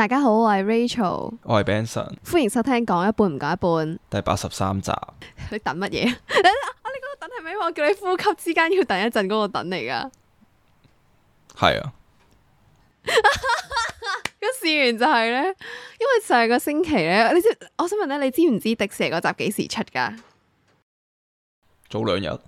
大家好，我係 Rachel，我係 Benson，歡迎收聽講一半唔講一半第八十三集。你等乜嘢？ 你嗰個等係咪我叫你呼吸之間要等一陣嗰個等嚟噶？係啊，咁事緣就係呢！因為上個星期呢，你知我想問咧，你知唔知《迪士尼》嗰集幾時出噶？早兩日，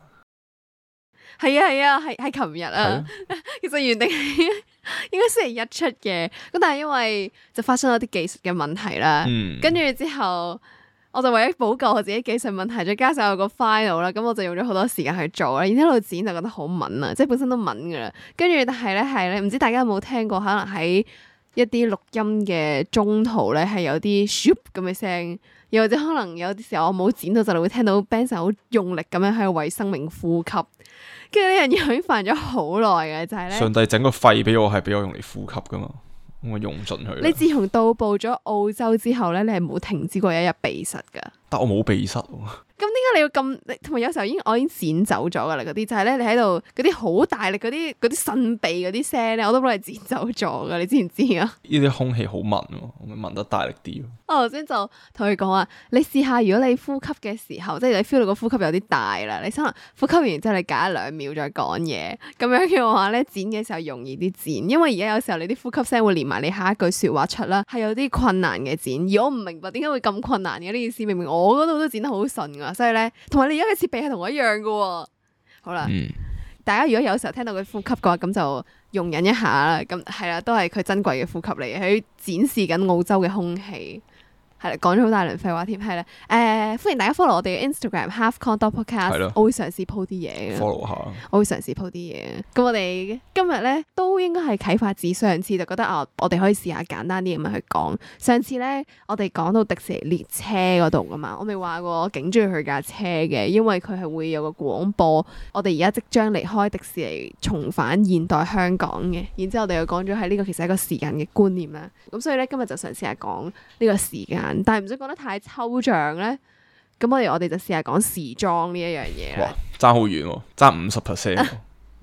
係啊係啊係係琴日啊。啊啊 其實原定。 應該星期一出嘅，咁但係因為就發生咗啲技術嘅問題啦，跟住之後我就為咗補救我自己技術問題，再加上我個 final 啦，咁我就用咗好多時間去做啦，然之後剪就覺得好敏啊，即係本身都敏噶啦，跟住但係咧係咧，唔知大家有冇聽過，可能喺一啲錄音嘅中途咧係有啲 shoop 咁嘅聲，又或者可能有啲時候我冇剪到就你會聽到 band 就好用力咁樣喺度為生命呼吸。跟住呢樣嘢已經煩咗好耐嘅，就係咧。上帝整個肺俾我係俾我用嚟呼吸噶嘛，我用唔盡佢。你自從到步咗澳洲之後咧，你係冇停止過一日鼻塞噶。但我冇鼻塞。咁點解你要咁？同埋有時候已經我已經剪走咗噶啦，嗰啲就係咧，你喺度嗰啲好大力嗰啲嗰啲擤鼻嗰啲聲咧，我都幫你剪走咗噶，你知唔知啊？呢啲空氣好聞，我聞得大力啲。我頭先就同佢講啊，你試下如果你呼吸嘅時候，即係你 feel 到個呼吸有啲大啦，你可能呼吸完之後你隔一兩秒再講嘢，咁樣嘅話咧剪嘅時候容易啲剪，因為而家有時候你啲呼吸聲會連埋你下一句說話出啦，係有啲困難嘅剪。而我唔明白點解會咁困難嘅呢件事，明明我嗰度都剪得好順噶，所以咧，同埋你而家嘅設備係同我一樣噶。好啦，嗯、大家如果有時候聽到佢呼吸嘅話，咁就容忍一下啦。咁係啦，都係佢珍貴嘅呼吸嚟嘅。佢展示緊澳洲嘅空氣。係啦，講咗好大輪廢話添，係啦，誒、呃、歡迎大家 follow 我哋嘅 Instagram halfkong dot podcast，我會嘗試鋪啲嘢嘅，我會嘗試鋪啲嘢。咁我哋今日咧都應該係啟發自上次，就覺得啊，我哋可以試下簡單啲咁樣去講。上次咧我哋講到迪士尼列車嗰度㗎嘛，我未話過我勁中意佢架車嘅，因為佢係會有個廣播，我哋而家即將離開迪士尼，重返現代香港嘅。然之後我哋又講咗喺呢個其實係一個時間嘅觀念啦。咁所以咧今日就嘗試下講呢個時間。但係唔使講得太抽象咧，咁不如我哋就試下講時裝呢一樣嘢。哇，爭好遠，爭五十 percent，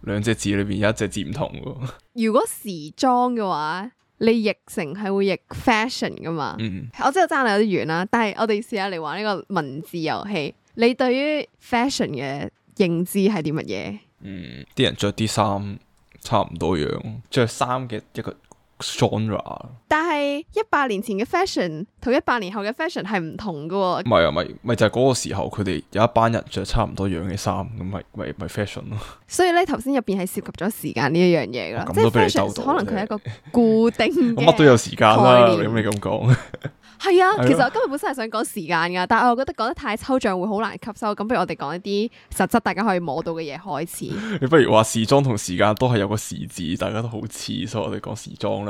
兩隻字裏邊有一隻字唔同。如果時裝嘅話，你譯成係會譯 fashion 噶嘛？嗯哼，我真係爭你有啲遠啦，但係我哋試下嚟玩呢個文字遊戲。你對於 fashion 嘅認知係啲乜嘢？嗯，啲人着啲衫差唔多樣，着衫嘅一個。Genre 但係一百年前嘅 fashion 同一百年後嘅 fashion 係唔同噶喎、哦，唔係啊，咪咪就係、是、嗰個時候佢哋有一班人着差唔多樣嘅衫，咁咪咪咪 fashion 咯。所以咧，頭先入邊係涉及咗時間呢一樣嘢噶，即係 fashion 可能佢係一個固定嘅乜 都有時間啦、啊。咁念你咁講，係 啊。其實我今日本身係想講時間噶，但係我覺得講得太抽象會好難吸收。咁不如我哋講一啲實質，大家可以摸到嘅嘢開始。 你不如話時裝同時間都係有個時字，大家都好似，所以我哋講時裝。咁、嗯、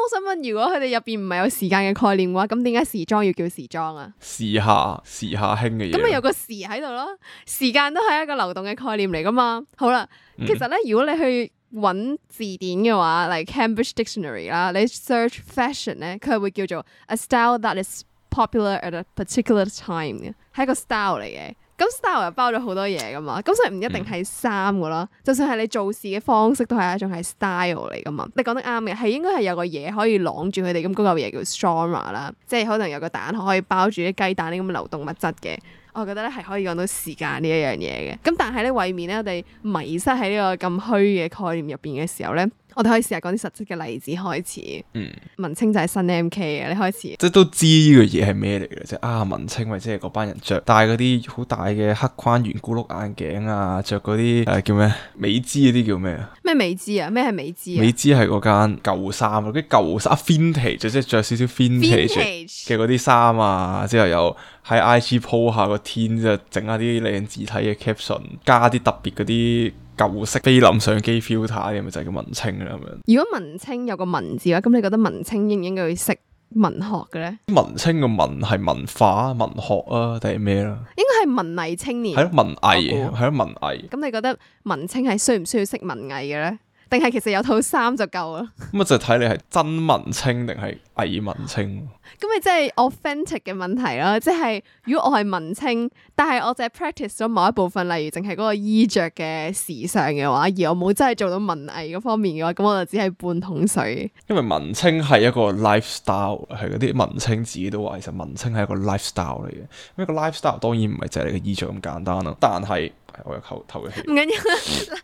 我想問，如果佢哋入邊唔係有時間嘅概念嘅話，咁點解時裝要叫時裝啊？時下、時下興嘅嘢。咁咪有個時喺度咯，時間都係一個流動嘅概念嚟噶嘛。好啦，其實咧，嗯、如果你去搵字典嘅話，例、like、Cambridge Dictionary 啦，你 search fashion 咧，佢會叫做 a style that is popular at a particular time，係一個 style 嚟嘅。咁 style 又包咗好多嘢噶嘛，咁所以唔一定係衫噶囉，嗯、就算係你做事嘅方式都係一種係 style 嚟噶嘛。你講得啱嘅，係應該係有個嘢可以囊住佢哋咁嗰嚿嘢叫 structure 啦，即係可能有個蛋可以包住啲雞蛋啲咁嘅流動物質嘅。我覺得咧係可以講到時間呢一樣嘢嘅，咁但係咧為免咧我哋迷失喺呢個咁虛嘅概念入邊嘅時候咧。我哋可以試下講啲實質嘅例子開始。嗯、文青就係新 MK 嘅，你開始。即都知呢個嘢係咩嚟嘅，即係啊文青，或者係嗰班人着戴嗰啲好大嘅黑框圓咕碌眼鏡啊，着嗰啲誒叫咩美姿嗰啲叫咩啊？咩美姿啊？咩係美姿、啊？美姿係嗰間舊衫啊，啲舊衫 vintage，即係着少少 vintage 嘅嗰啲衫啊，之後又喺 IG po 下個天，之後整下啲靚字體嘅 caption，加啲特別嗰啲。舊式菲林相機 filter，咁咪就係叫文青啦咁樣。如果文青有個文字嘅話，咁你覺得文青應唔應該去識文學嘅咧？文青嘅文係文化、文學啊，定係咩啦？應該係文藝青年。係咯，猜文藝係咯，文藝。咁你覺得文青係需唔需要識文藝嘅咧？定係其實有套衫就夠啦。咁啊， 就睇你係真文青定係偽文青。咁咪即係 authentic 嘅問題啦。即係如果我係文青，但係我淨係 practice 咗某一部分，例如淨係嗰個衣着嘅時尚嘅話，而我冇真係做到文藝嗰方面嘅話，咁我就只係半桶水。因為文青係一個 lifestyle，係嗰啲文青自己都話，其實文青係一個 lifestyle 嚟嘅。咁、那、一個 lifestyle 當然唔係淨係你嘅衣着咁簡單啦，但係。我又投投嘅氣，唔緊要。咁、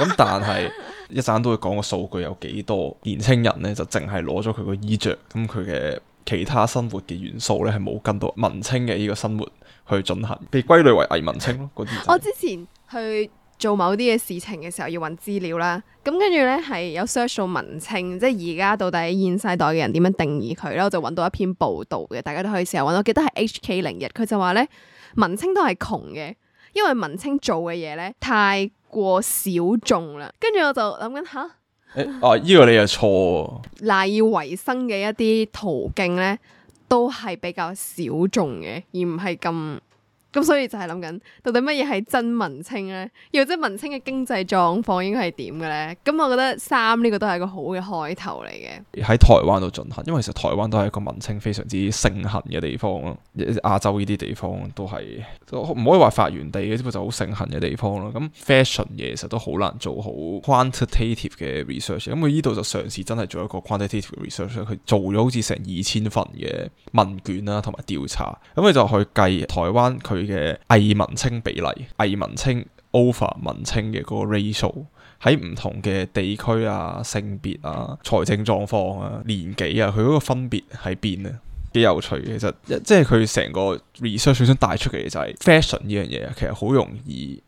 嗯、但係 一陣間都會講個數據有幾多年輕人咧，就淨係攞咗佢個衣着。咁佢嘅其他生活嘅元素咧，係冇跟到文青嘅呢個生活去進行，被歸類為偽文青咯。嗰啲我之前去做某啲嘅事情嘅時候，要揾資料啦。咁跟住咧係有 search 到文青，即係而家到底現世代嘅人點樣定義佢咧？我就揾到一篇報道嘅，大家都可以試下揾。我記得係 HK01，佢就話咧，文青都係窮嘅。因為文青做嘅嘢咧，太過小眾啦，跟住我就諗緊下，誒啊，依、這個你又錯喎，賴以為生嘅一啲途徑咧，都係比較小眾嘅，而唔係咁。咁所以就係諗緊到底乜嘢係真文青咧？要即係文青嘅經濟狀況應該係點嘅咧？咁我覺得三呢個都係一個好嘅開頭嚟嘅，喺台灣度進行，因為其實台灣都係一個文青非常之盛行嘅地方咯。亞洲呢啲地方都係唔可以話發源地嘅，即係就好盛行嘅地方咯。咁 fashion 嘢其實都好難做好 quantitative 嘅 research。咁佢依度就嘗試真係做一個 quantitative research，佢做咗好似成二千份嘅問卷啦，同埋調查，咁佢就去計台灣佢。嘅偽文青比例，偽文青 over 文青嘅嗰個 ratio 喺唔同嘅地區啊、性別啊、財政狀況啊、年紀啊，佢嗰個分別喺邊咧？幾有趣嘅，其實即係佢成個 research 想帶出嚟就係、是、fashion 呢樣嘢啊，其實好容易。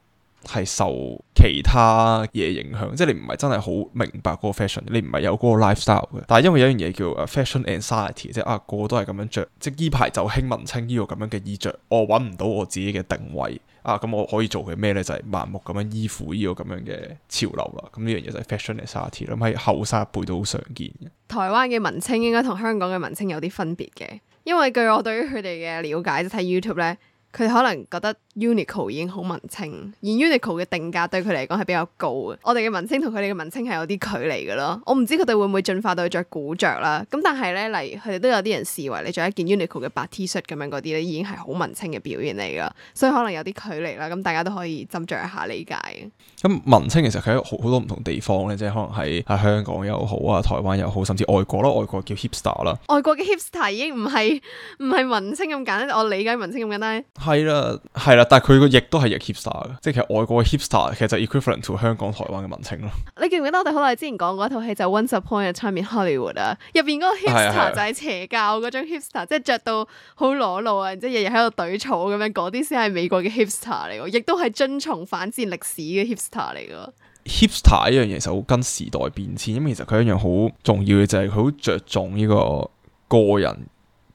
係受其他嘢影響，即係你唔係真係好明白嗰個 fashion，你唔係有嗰個 lifestyle 嘅。但係因為有一樣嘢叫啊 fashion anxiety，即係啊個個都係咁樣着，即係呢排就興文青呢個咁樣嘅衣着，我揾唔到我自己嘅定位啊，咁我可以做嘅咩呢？就係盲目咁樣依附呢個咁樣嘅潮流啦。咁呢樣嘢就係 fashion anxiety 啦，喺後生一輩都好常見嘅。台灣嘅文青應該同香港嘅文青有啲分別嘅，因為據我對於佢哋嘅了解，就睇 YouTube 呢。佢哋可能覺得 Uniqlo 已經好文青，而 Uniqlo 嘅定價對佢嚟講係比較高嘅。我哋嘅文青同佢哋嘅文青係有啲距離嘅咯。我唔知佢哋會唔會進化到去着古着啦。咁但係咧，例如佢哋都有啲人視為你着一件 Uniqlo 嘅白 T 恤咁樣嗰啲咧，已經係好文青嘅表現嚟咯。所以可能有啲距離啦。咁大家都可以斟酌一下理解。咁文青其實係喺好好多唔同地方咧，即係可能喺香港又好啊，台灣又好，甚至外國咯。外國叫 hipster 啦。外國嘅 hipster 已經唔係唔係文青咁簡單。我理解文青咁簡單。係啦，係啦，但係佢個亦都係亦 hipster 嘅，即係其實外國嘅 hipster，其實就 equivalent to 香港台灣嘅文青咯。你記唔記得我哋好耐之前講過一套戲就係《Once Upon a Time in Hollywood》啊，入邊嗰個 hipster 就係邪教嗰種 hipster，即係着到好裸露啊，然之後日日喺度懟草咁樣，嗰啲先係美國嘅 hipster 嚟，亦都係遵從反戰歷史嘅 hipster 嚟咯。hipster 呢樣嘢其實好跟時代變遷，因為其實佢一樣好重要嘅就係佢好着重呢個個人。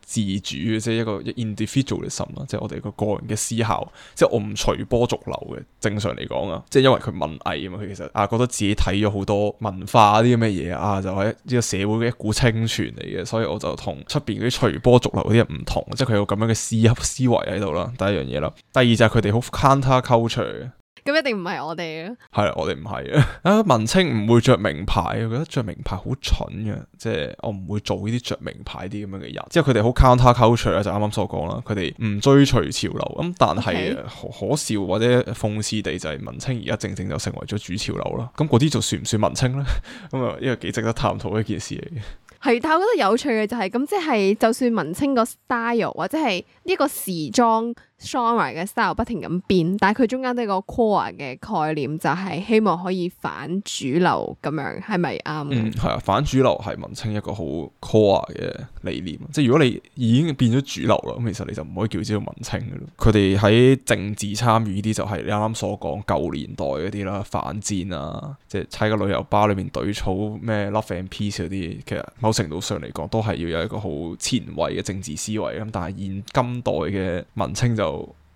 自主嘅即係一個 individual 嘅心啦，即係我哋個個人嘅思考，即係我唔隨波逐流嘅。正常嚟講啊，即係因為佢文藝啊嘛，佢其實啊覺得自己睇咗好多文化啲咁嘅嘢啊，就喺、是、呢個社會嘅一股清泉嚟嘅，所以我就同出邊嗰啲隨波逐流嗰啲人唔同，即係佢有咁樣嘅思思維喺度啦。第一樣嘢啦，第二就係佢哋好 counter c u u l t 構取。咁一定唔係我哋啊，係啊，我哋唔係啊。啊，文青唔會着名牌，我覺得着名牌好蠢嘅，即係我唔會做呢啲着名牌啲咁樣嘅人。即係佢哋好 counter culture 咧，就啱啱所講啦，佢哋唔追隨潮流。咁但係 Okay. 可笑或者諷刺地就係文青而家正正就成為咗主潮流啦。咁嗰啲就算唔算文青咧？咁啊，呢個幾值得探討一件事嚟嘅。係，但係我覺得有趣嘅就係、是、咁，即係就算文青個 style 或者係。一個時裝 genre 嘅 style 不停咁變，但係佢中間都係個 core 嘅概念，就係希望可以反主流咁樣，係咪啱？Um、嗯，係啊，反主流係文青一個好 core 嘅理念。即係如果你已經變咗主流啦，咁其實你就唔可以叫做文青啦。佢哋喺政治參與呢啲就係你啱啱所講舊年代嗰啲啦，反戰啊，即係參加旅遊巴裏面隊草咩 Love and Peace 嗰啲，其實某程度上嚟講都係要有一個好前衛嘅政治思維咁。但係現今代嘅文青就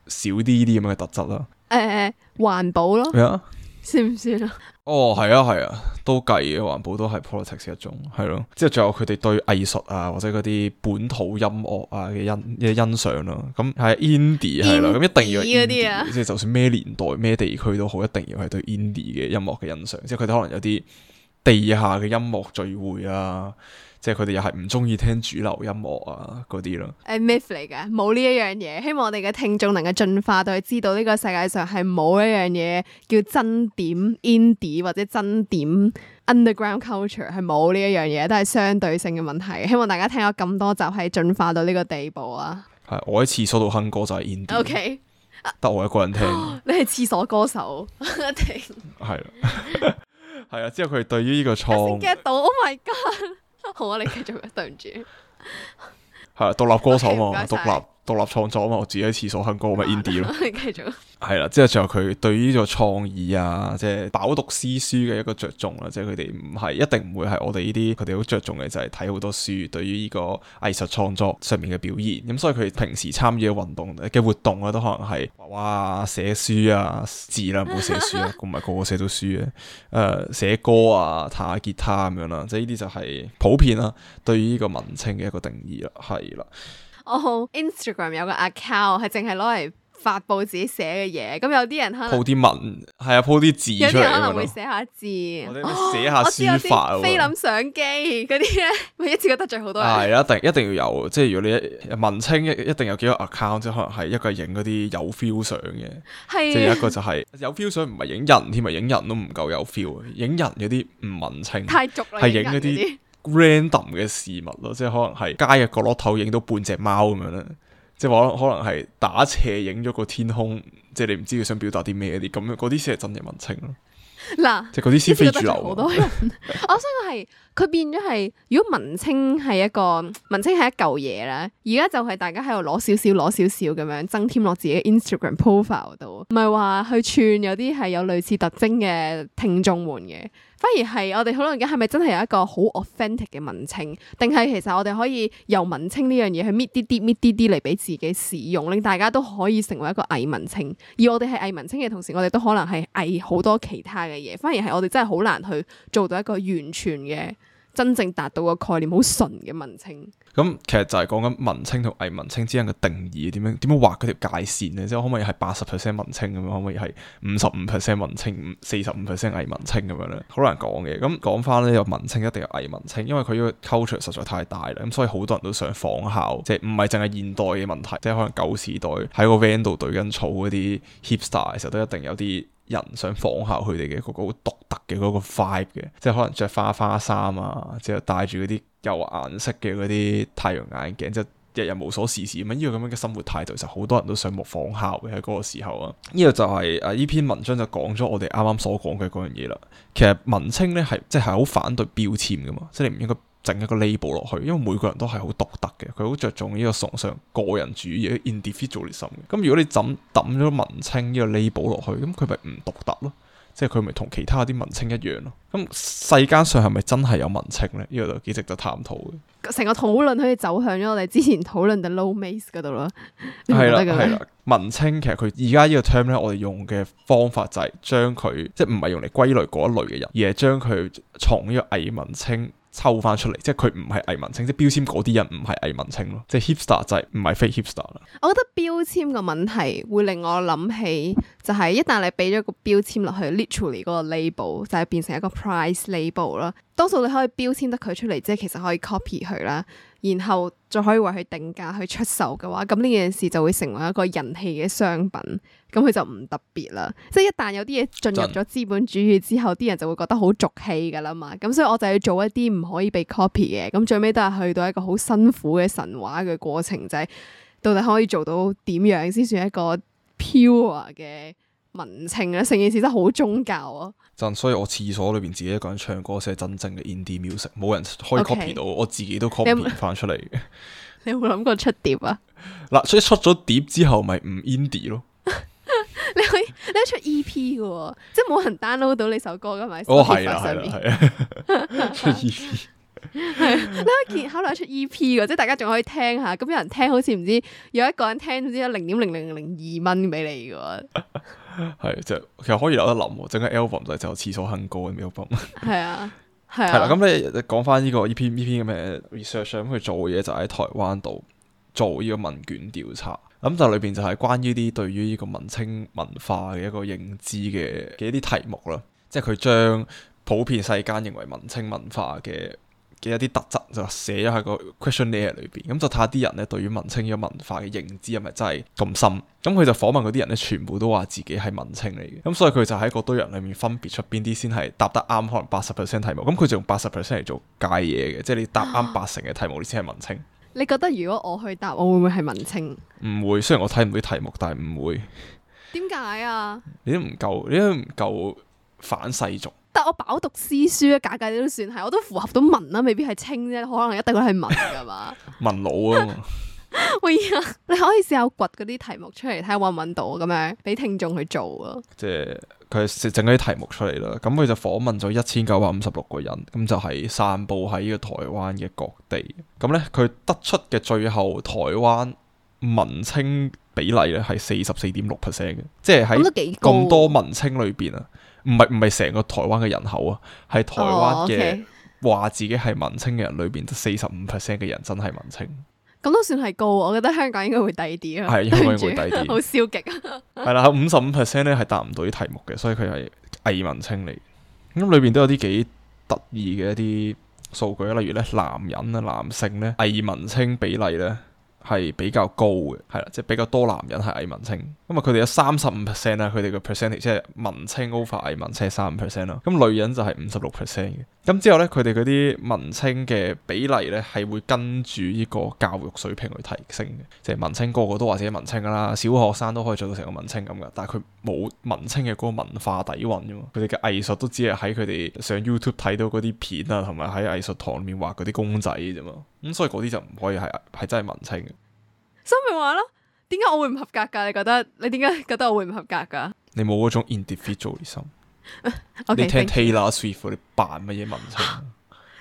少啲呢啲咁嘅特質啦。誒、欸，環保咯，咩啊？算唔算啊？哦，係啊，係啊，都計嘅環保都係 politics 嘅一種，係咯。之後仲有佢哋對藝術啊，或者嗰啲本土音樂啊嘅欣嘅欣賞咯。咁係 indie 係咯，咁一定要 indie 嗰啲啊。即係就算咩年代咩地區都好，一定要係對 indie 嘅音樂嘅欣賞。即係佢哋可能有啲地下嘅音樂聚會啊。即係佢哋又係唔中意聽主流音樂啊嗰啲咯。誒，myth 嚟嘅，冇呢一樣嘢。希望我哋嘅聽眾能夠進化到去知道呢個世界上係冇一樣嘢叫真點 indie 或者真點 underground culture，係冇呢一樣嘢，都係相對性嘅問題。希望大家聽咗咁多集，係進化到呢個地步啊。係，我喺廁所度哼歌就係 indie Okay。O K，得我一個人聽。啊啊啊、你係廁所歌手。一定係 對了。係啦，係啊，之後佢哋對於呢個錯，get 到，Oh my god！好啊，你繼續啊，對唔住，係獨立歌手嘛，獨立。獨立創作啊嘛，我自己喺廁所哼歌咪 independent 咯。係啦，即係仲有佢對於呢個創意啊，即係飽讀詩書嘅一個着重啦、啊，即係佢哋唔係一定唔會係我哋呢啲，佢哋好着重嘅就係睇好多書。對於呢個藝術創作上面嘅表現，咁所以佢平時參與嘅運動嘅活動咧、啊，都可能係畫畫啊、寫書啊、字啦，唔好寫書啊，唔係 個個寫到書嘅、啊。誒、呃，寫歌啊、彈下吉他咁樣啦，即係呢啲就係、是、普遍啦、啊，對於呢個文青嘅一個定義啦、啊，係啦。哦、oh, Instagram 有個 account 係淨係攞嚟發布自己寫嘅嘢，咁有啲人可鋪啲文，係啊鋪啲字出嚟，有啲可能會寫下字，寫下書法。菲、哦、林相機嗰啲咧，咪 一次過得罪好多人。係一定一定要有，即係如果你一文青，一定有幾個 account，即係可能係一個影嗰啲有 feel 相嘅，是即係一個就係、是、有 feel 相唔係影人添，咪影人都唔夠有 feel，影人嗰啲唔文青，太俗啦，係影嗰啲。random 嘅事物咯，即係可能係街嘅角落頭影到半隻貓咁樣咧，即係話可能係打斜影咗個天空，即係你唔知佢想表達啲咩啲咁嗰啲先係真嘅文青咯。嗱喇，即係嗰啲先非主流。我都 我想講係，佢變咗係，如果文青係一個文青係一舊嘢咧，而家就係大家喺度攞少少，攞少少咁樣增添落自己 Instagram profile 度，唔係話去串有啲係有類似特徵嘅聽眾們嘅。反而係我哋討論緊係咪真係有一個好 authentic 嘅文青，定係其實我哋可以由文青呢樣嘢去搣啲啲搣啲啲嚟俾自己使用，令大家都可以成為一個偽文青。而我哋係偽文青嘅同時，我哋都可能係偽好多其他嘅嘢。反而係我哋真係好難去做到一個完全嘅。真正達到個概念，好純嘅文青。咁、嗯、其實就係講緊文青同偽文青之間嘅定義點樣點樣畫嗰條界線咧？即係可唔可以係八十 percent 文青咁樣？可唔可以係五十五 percent 文青、四十五 percent 偽文青咁樣咧？好難講嘅。咁講翻呢，有文青一定有偽文青，因為佢個 culture 實在太大啦。咁所以好多人都想仿效，即係唔係淨係現代嘅問題，即係可能舊時代喺個 van 度對緊草嗰啲 hipster，其實都一定有啲。人想仿效佢哋嘅嗰個好獨特嘅嗰個 vibe 嘅，即係可能着花花衫啊，之後戴住嗰啲有顏色嘅嗰啲太陽眼鏡，即係日日無所事事咁樣，呢個咁樣嘅生活態度，其實好多人都想模仿下嘅喺嗰個時候啊。呢個就係誒呢篇文章就講咗我哋啱啱所講嘅嗰樣嘢啦。其實文青咧係即係好反對標籤噶嘛，即係你唔應該。整一個 label 落去，因為每個人都係好獨特嘅，佢好着重呢個崇尚個人主義、individualism 咁，如果你抌抌咗文青呢個 label 落去，咁佢咪唔獨特咯？即係佢咪同其他啲文青一樣咯？咁世間上係咪真係有文青呢？呢、呢個就幾值得探討嘅。成個討論可以走向咗我哋之前討論嘅 low m a s e 嗰度咯。係啦係啦，文青其實佢而家呢個 term 咧，我哋用嘅方法就係將佢即係唔係用嚟歸類嗰一類嘅人，而係將佢從呢個偽文青。抽翻出嚟，即係佢唔係偽文青，即係標籤嗰啲人唔係偽文青咯，即係 hipster 就係唔係非 hipster 啦。我覺得標籤個問題會令我諗起，就係一旦你俾咗個標籤落去，literally 嗰個 label 就係變成一個 price label 啦。多數你可以標籤得佢出嚟，即係其實可以 copy 佢啦。然後再可以為佢定價去出售嘅話，咁呢件事就會成為一個人氣嘅商品，咁佢就唔特別啦。即係一旦有啲嘢進入咗資本主義之後，啲人就會覺得好俗氣噶啦嘛。咁所以我就要做一啲唔可以被 copy 嘅，咁最尾都係去到一個好辛苦嘅神話嘅過程，就係、是、到底可以做到點樣先算一個 pure 嘅。文青啊，成件事真係好宗教啊！真，所以我廁所裏邊自己一個人唱歌先係真正嘅 indie music，冇人可以 copy 到，我自己都 copy 唔翻出嚟嘅。你有冇諗過出碟啊？嗱，所以出咗碟之後，咪唔 indie 咯？你可以你可以出 EP 嘅，即係冇人 download 到你首歌嘅咪。哦，係啊，係啊，係啊。出 EP 係你可以考慮出 EP 嘅，即係大家仲可以聽下。咁有人聽，好似唔知有一個人聽，唔知零點零零零二蚊俾你嘅。係，即係 其實可以留 有得諗，整個 album 就係就廁所哼歌嘅 album。係啊，係啦、啊，咁你講翻呢個呢篇呢篇嘅咩 research，咁佢做嘅嘢就喺、是、台灣度做呢個問卷調查，咁、嗯、就裏邊就係關於啲對於呢個文青文化嘅一個認知嘅嘅一啲題目啦，即係佢將普遍世間認為文青文化嘅。嘅一啲特質就寫咗喺個 questionnaire 裏邊，咁就睇下啲人咧對於文青嘅文化嘅認知係咪真係咁深？咁佢就訪問嗰啲人咧，全部都話自己係文青嚟嘅，咁所以佢就喺個堆人裏面分別出邊啲先係答得啱，可能八十 percent 題目。咁佢就用八十 percent 嚟做界嘢嘅，即係你答啱八成嘅題目，你先係文青。你覺得如果我去答，我會唔會係文青？唔會，雖然我睇唔到啲題目，但係唔會。點解啊？ 你都唔夠，你都唔夠反世俗。得我飽讀詩書咧，假假都算係，我都符合到文啦、啊，未必係青啫，可能一定佢係文㗎嘛？ 文老啊的！ 嘛？喂，家你可以試下掘嗰啲題目出嚟，睇下揾唔揾到咁樣，俾聽眾去做啊！即係佢整嗰啲題目出嚟啦，咁佢就訪問咗一千九百五十六個人，咁就係散布喺呢個台灣嘅各地。咁咧，佢得出嘅最後台灣文青比例咧係四十四點六 percent 嘅，即係喺咁多文青裏邊啊！唔係，唔係成個台灣嘅人口啊，係台灣嘅話自己係文青嘅人裏邊，得四十五 percent 嘅人真係文青。咁都算係高，我覺得香港應該會低啲咯。係香港應該會低啲，好 消極極啊。係啦，五十五 percent 咧，係答唔到啲題目嘅，所以佢係偽文青嚟。咁裏邊都有啲幾得意嘅一啲數據，例如咧男人啊，男性咧偽文青比例咧係比較高嘅，係啦，即係比較多男人係偽文青，咁啊佢哋有三十五 percent 啦，佢哋個 percentage 即係文青 over 偽文青三五 percent 咯，咁女人就係五十六 percent 嘅。咁之後呢，佢哋嗰啲文青嘅比例呢，係會跟住呢個教育水平去提升嘅。即係文青個個都話自己文青㗎啦，小學生都可以做到成個文青咁㗎。但係佢冇文青嘅嗰個文化底蘊啫嘛。佢哋嘅藝術都只係喺佢哋上 YouTube 睇到嗰啲片啊，同埋喺藝術堂裏面畫嗰啲公仔啫嘛。咁所以嗰啲就唔可以係係真係文青。所以咪話咯，點解我會唔合格㗎？你覺得你點解覺得我會唔合格㗎？你冇嗰種 individualism。Okay, 你聽 Taylor Swift，你扮乜嘢文青？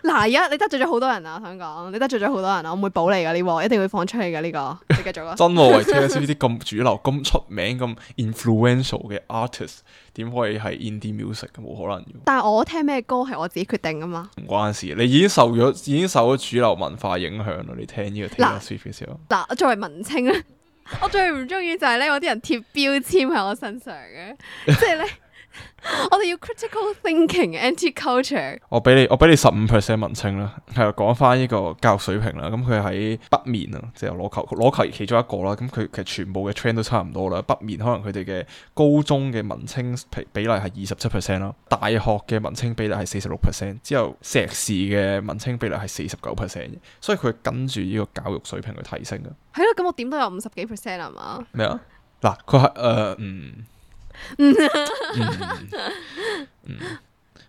嗱，而家你得罪咗好多人啊！我想講，你得罪咗好多人啊！我唔會補你噶呢、這個，一定會放出嚟噶呢個。你繼續啊！ 真係 Taylor Swift 啲咁主流、咁出名、咁 influential 嘅 artist，點可以係 indie music？冇可能要。但係我聽咩歌係我自己決定啊嘛，唔關事。你已經受咗，已經受咗主流文化影響啦。你聽呢個 Taylor Swift 嘅時候。嗱，作為文青啊， 我最唔中意就係咧，我啲人貼標籤喺我身上嘅，即係咧。 我哋要 critical thinking anti culture。我俾你，我俾你十五 percent 文青啦。係啊，講翻呢個教育水平啦。咁佢喺北面啊，即係攞球，攞球其中一個啦。咁、嗯、佢其實全部嘅 trend 都差唔多啦。北面可能佢哋嘅高中嘅文，文青比例係二十七 percent 啦，大學嘅文青比例係四十六 percent，之後碩士嘅文青比例係四十九 percent。所以佢跟住呢個教育水平去提升啊。係啦，咁我點都有五十幾 percent 係嘛。咩啊？嗱、啊，佢係誒嗯。 嗯，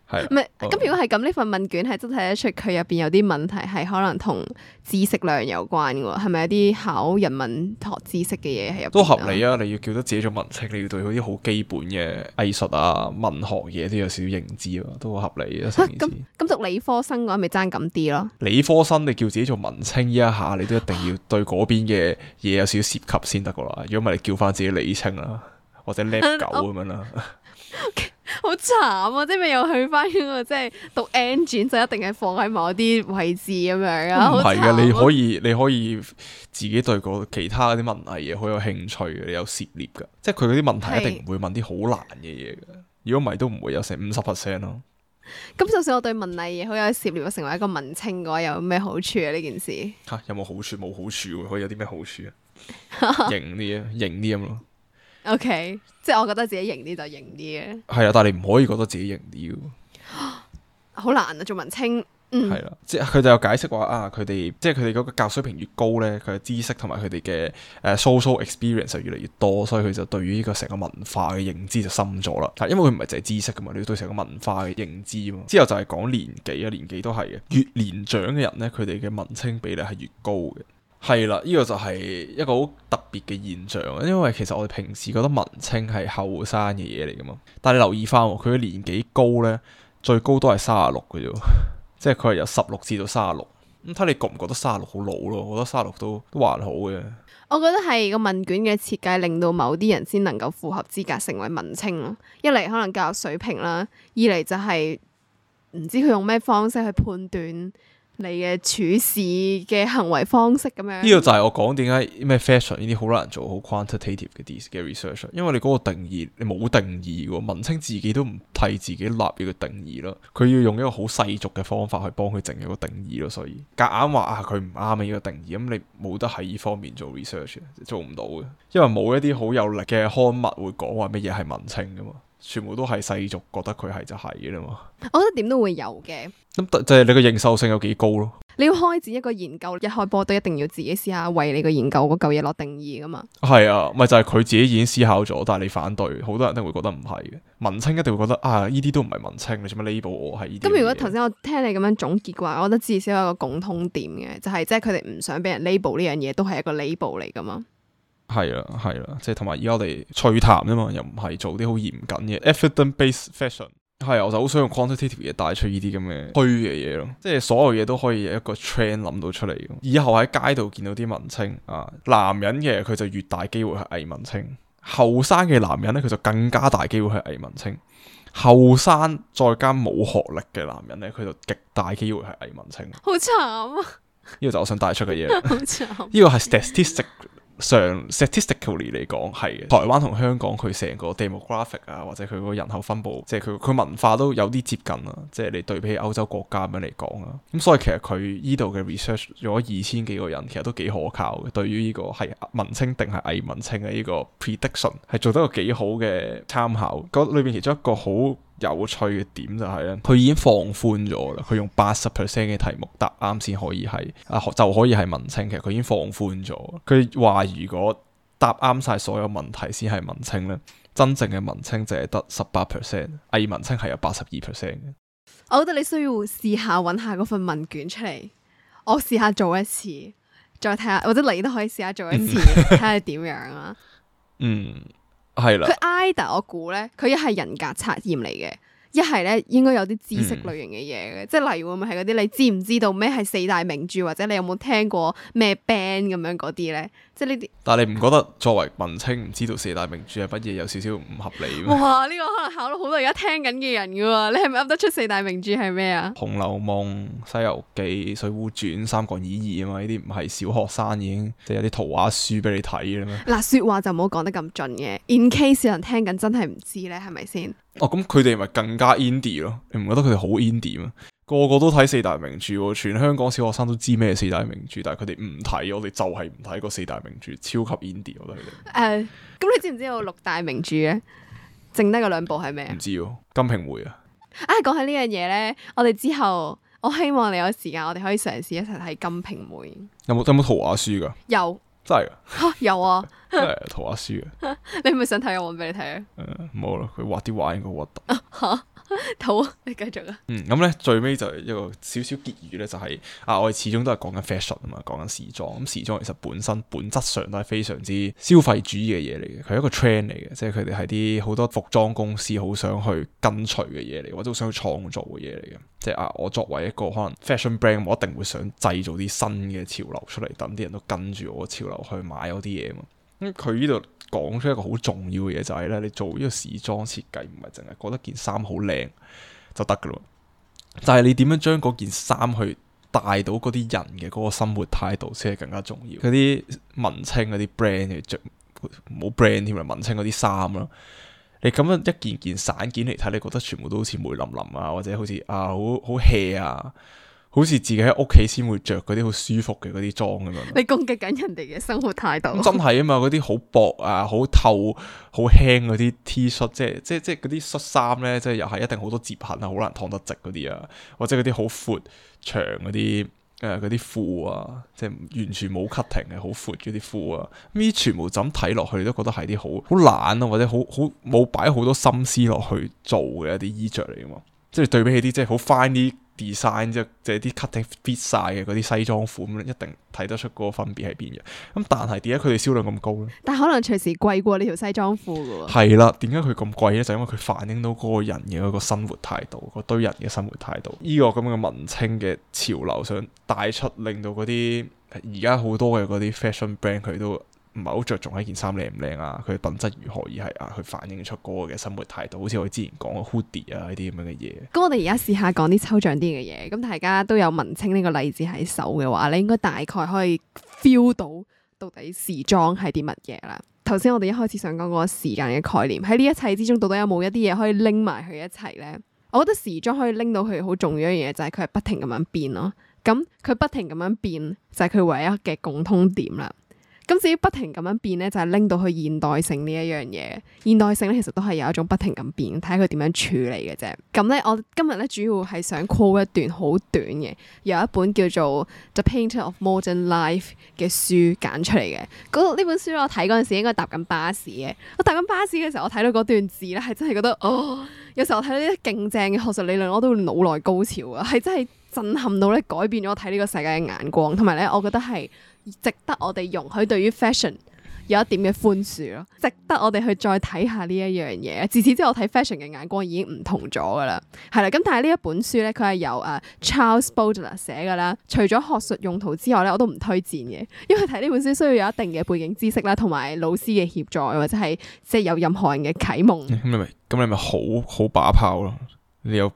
係、嗯，唔係、啊？今次如果係咁，呢、嗯、份問卷係真睇得出佢入邊有啲問題係可能同知識量有關噶喎，係咪有啲考人文學知識嘅嘢喺入？都合理啊！你要叫得自己做文青，你要對嗰啲好基本嘅藝術啊、文學嘢都有少少認知咯，都好合理啊。咁咁讀理科生嘅話，咪爭咁啲咯？理科生你叫自己做文青，依一下你都一定要對嗰邊嘅嘢有少少涉及先得噶啦。如果唔係，你叫翻自己理清啦。或者叻狗咁樣啦， okay，好慘啊！即係有去翻嗰個，即係讀 engine 就一定係放喺某啲位置咁樣啊。唔係噶，啊啊、你可以你可以自己對其他啲文藝嘢好有興趣，你有涉獵噶。即係佢嗰啲問題一定唔會問啲好難嘅嘢噶。如果唔係，都唔會有成五十 percent 咯。咁、啊、就算我對文藝嘢好有涉獵，我成為一個文青嘅話，有咩好處啊？呢件事吓有冇好處？冇好處，可以有啲咩好處啊？型啲啊，型啲咁咯。OK，即係我覺得自己型啲就型啲嘅。係啊，但係你唔可以覺得自己型啲好難啊！做文青，嗯，係啦，即係佢就有解釋話啊，佢哋即係佢哋嗰個教育水平越高呢，佢嘅知識同埋佢哋嘅 social experience 就越嚟越多，所以佢就對於呢個成個文化嘅認知就深咗啦。但因為佢唔係淨係知識噶嘛，你要對成個文化嘅認知啊。之後就係講年紀啊，年紀都係嘅，越年長嘅人呢，佢哋嘅文青比例係越高嘅。係啦，呢、這個就係一個好特別嘅現象，因為其實我哋平時覺得文青係後生嘅嘢嚟噶嘛，但係你留意翻，佢嘅年紀高呢，最高都係卅六嘅啫，即係佢係由十六至到卅六，咁睇你覺唔覺得卅六好老咯？我覺得卅六都都還好嘅。我覺得係個問卷嘅設計令到某啲人先能夠符合資格成為文青咯，一嚟可能教育水平啦，二嚟就係唔知佢用咩方式去判斷。你嘅處事嘅行為方式咁樣，呢個就係我講點解咩 fashion 呢啲，好難做好 quantitative 嘅 dis 嘅 research，因為你嗰個定義，你冇定義嘅喎，文青自己都唔替自己立一個定義咯，佢要用一個好世俗嘅方法去幫佢整一個定義咯，所以夾硬話啊佢唔啱呢個定義，咁你冇得喺呢方面做 research，做唔到嘅，因為冇一啲好有力嘅刊物會講話乜嘢係文青噶嘛。全部都係世俗覺得佢係就係嘅啦嘛，我覺得點都會有嘅。咁、嗯、就係、即係、你個認受性有幾高咯？你要開展一個研究，一開波都一定要自己試下為你個研究嗰嚿嘢落定義噶嘛。係啊，咪就係佢自己已經思考咗，但係你反對，好多人都會覺得唔係嘅。文青一定會覺得啊，呢啲都唔係文青，你做乜 label 我係呢啲？咁如果頭先我聽你咁樣總結嘅話，我覺得至少有個共通點嘅，就係即係佢哋唔想俾人 label 呢樣嘢，都係一個 label 嚟噶嘛。係啦，係啦，即係同埋而家我哋趣談啊嘛，又唔係做啲好嚴謹嘅 evidence based fashion。係啊，我就好想用 quantitative 嘢帶出呢啲咁嘅虛嘅嘢咯。即係所有嘢都可以有一個 trend 諗到出嚟。以後喺街度見到啲文青啊，男人嘅佢就越大機會係偽文青，後生嘅男人呢，佢就更加大機會係偽文青，後生再加冇學歷嘅男人呢，佢就極大機會係偽文青。好慘啊！呢 個就我想帶出嘅嘢。好慘 憐！呢個係 statistic 上 statistically 嚟講，係台灣同香港佢成個 demographic 啊，或者佢個人口分佈，即係佢佢文化都有啲接近啊，即係你對比歐洲國家咁樣嚟講啊，咁所以其實佢依度嘅 research 咗二千幾個人，其實都幾可靠嘅。對於呢個係文青定係偽文青嘅呢個 prediction 係做得個幾好嘅參考，覺得裏邊其中一個好。有趣嘅點就係、是、咧，佢已經放寬咗啦。佢用八十 percent 嘅題目答啱先可以係啊，就可以係文青。其實佢已經放寬咗。佢話如果答啱晒所有問題先係文青，咧，真正嘅文青淨係得十八 percent，偽文青係有八十二 percent 嘅。我覺得你需要試下揾下嗰份問卷出嚟，我試下做一次，再睇下，或者你都可以試下做一次，睇下點樣啊。嗯。係啦，佢，Ida，我估咧，佢一係人格測驗嚟嘅。一係咧，應該有啲知識類型嘅嘢嘅，嗯、即係例如會唔會係嗰啲你知唔知道咩係四大名著，或者你有冇聽過咩 band 咁樣嗰啲咧？即係呢啲。但係你唔覺得作為文青唔知道四大名著係乜嘢，有少少唔合理咩？哇！呢個可能考到好多而家聽緊嘅人噶嘛？你係咪噏得出四大名著係咩啊？《紅樓夢》《西遊記》《水滸傳》《三國演義》啊嘛，呢啲唔係小學生已經即係有啲圖畫書俾你睇嘅咩？嗱、啊，説話就冇講得咁盡嘅。In case 有人聽緊真係唔知咧，係咪先？哦，咁佢哋咪更加 i n d e p e n d，唔覺得佢哋好 i n d e p e n d e，個個都睇四大名著，全香港小學生都知咩四大名著，但係佢哋唔睇，我哋就係唔睇嗰四大名著，超級 i n d e e，我覺得佢哋、呃。誒，咁你知唔知我六大名著咧？剩低嗰兩部係咩？唔知哦，《金瓶梅》啊。唉、啊，講起呢樣嘢呢，我哋之後我希望你有時間，我哋可以嘗試一齊睇《金瓶梅》有有。有冇有冇圖畫書噶？有。真係噶，有啊，係 圖畫書 你係咪想睇，我搵畀你睇？ 嗯，冇啦，佢畫啲畫應該好核突。啊哈好， 你繼續、嗯呢小小呢就是、啊說說。嗯，咁咧最尾就一個少少結語咧，就係啊，我哋始終都係講緊 fashion 啊嘛，講緊時裝。咁時裝其實本身本質上都係非常之消費主義嘅嘢嚟嘅，佢係一個 trend 嚟嘅，即係佢哋係啲好多服裝公司好想去跟隨嘅嘢嚟，或者好想去創造嘅嘢嚟嘅。即係啊，我作為一個可能 fashion brand，我一定會想製造啲新嘅潮流出嚟，等啲人都跟住我潮流去買嗰啲嘢嘛。佢呢度講出一個好重要嘅嘢，就係咧，你做呢個時裝設計唔係淨係覺得件衫好靚就得噶咯，但係你點樣將嗰件衫去帶到嗰啲人嘅嗰個生活態度先係更加重要。嗰啲文青嗰啲 brand 嘅着冇 brand 添啊，文青嗰啲衫啦，你咁樣一件件散件嚟睇，你覺得全部都好似梅林林啊，或者好似啊好好 hea 啊。好似自己喺屋企先會着嗰啲好舒服嘅嗰啲裝咁樣，你攻擊緊人哋嘅生活態度。真係啊嘛，嗰啲好薄啊，好透，好輕嗰啲 T 恤，即係即係即係嗰啲恤衫咧，即係又係一定好多折痕啊，好難燙得直嗰啲啊，或者嗰啲好闊長嗰啲誒嗰啲褲啊，即係完全冇 cutting 嘅好闊嗰啲褲啊，咁啲全部枕睇落去都覺得係啲好好懶啊，或者好好冇擺好多心思落去做嘅一啲衣着嚟㗎嘛，即係對比起啲即係好 fine 啲。就是 design 即係啲 cutting fit 曬嘅嗰啲西裝褲咁一定睇得出個分別係邊嘅。咁但係點解佢哋銷量咁高咧？但可能隨時貴過你條西裝褲㗎喎。係啦，點解佢咁貴咧？就因為佢反映到嗰個人嘅一個生活態度，嗰堆人嘅生活態度，呢、呢個咁嘅文青嘅潮流想帶出，令到嗰啲而家好多嘅嗰啲 fashion brand 佢都。唔係好着重一件衫靚唔靚啊，佢品質如何而係啊，佢反映出嗰個嘅生活態度，好似我之前講嘅 hoodie 啊，呢啲咁樣嘅嘢。咁我哋而家試下講啲抽象啲嘅嘢，咁大家都有文青呢個例子喺手嘅話，你應該大概可以 feel 到到底時裝係啲乜嘢啦。頭先我哋一開始想講嗰個時間嘅概念，喺呢一切之中到底有冇一啲嘢可以拎埋去一齊咧？我覺得時裝可以拎到佢好重要一樣嘢，就係佢係不停咁樣變咯。咁佢不停咁樣變就係、是、佢唯一嘅共通點啦。今次不停咁樣變咧，就係、是、拎到佢現代性呢一樣嘢。現代性咧，其實都係有一種不停咁變，睇佢點樣處理嘅啫。咁咧，我今日咧主要係想 quote 一段好短嘅，有一本叫做《The Painter of Modern Life》嘅書揀出嚟嘅。嗰呢本書我睇嗰陣時應該搭緊巴士嘅，我搭緊巴士嘅時候我睇到嗰段字咧，係真係覺得哦，有時候我睇到啲勁正嘅學術理論，我都會腦內高潮啊，係真係震撼到咧，改變咗我睇呢個世界嘅眼光，同埋咧，我覺得係。值得我哋容許對於 fashion 有一點嘅寬恕咯，值得我哋去再睇下呢一樣嘢。自此之後，我睇 fashion 嘅眼光已經唔同咗噶啦。係啦，咁但係呢一本書咧，佢係由誒 Charles Baudelaire 寫噶啦。除咗學術用途之外咧，我都唔推薦嘅，因為睇呢本書需要有一定嘅背景知識啦，同埋老師嘅協助或者係即係有任何人嘅啟蒙。咁、嗯嗯嗯、你咪咁你咪好好把炮咯，你有。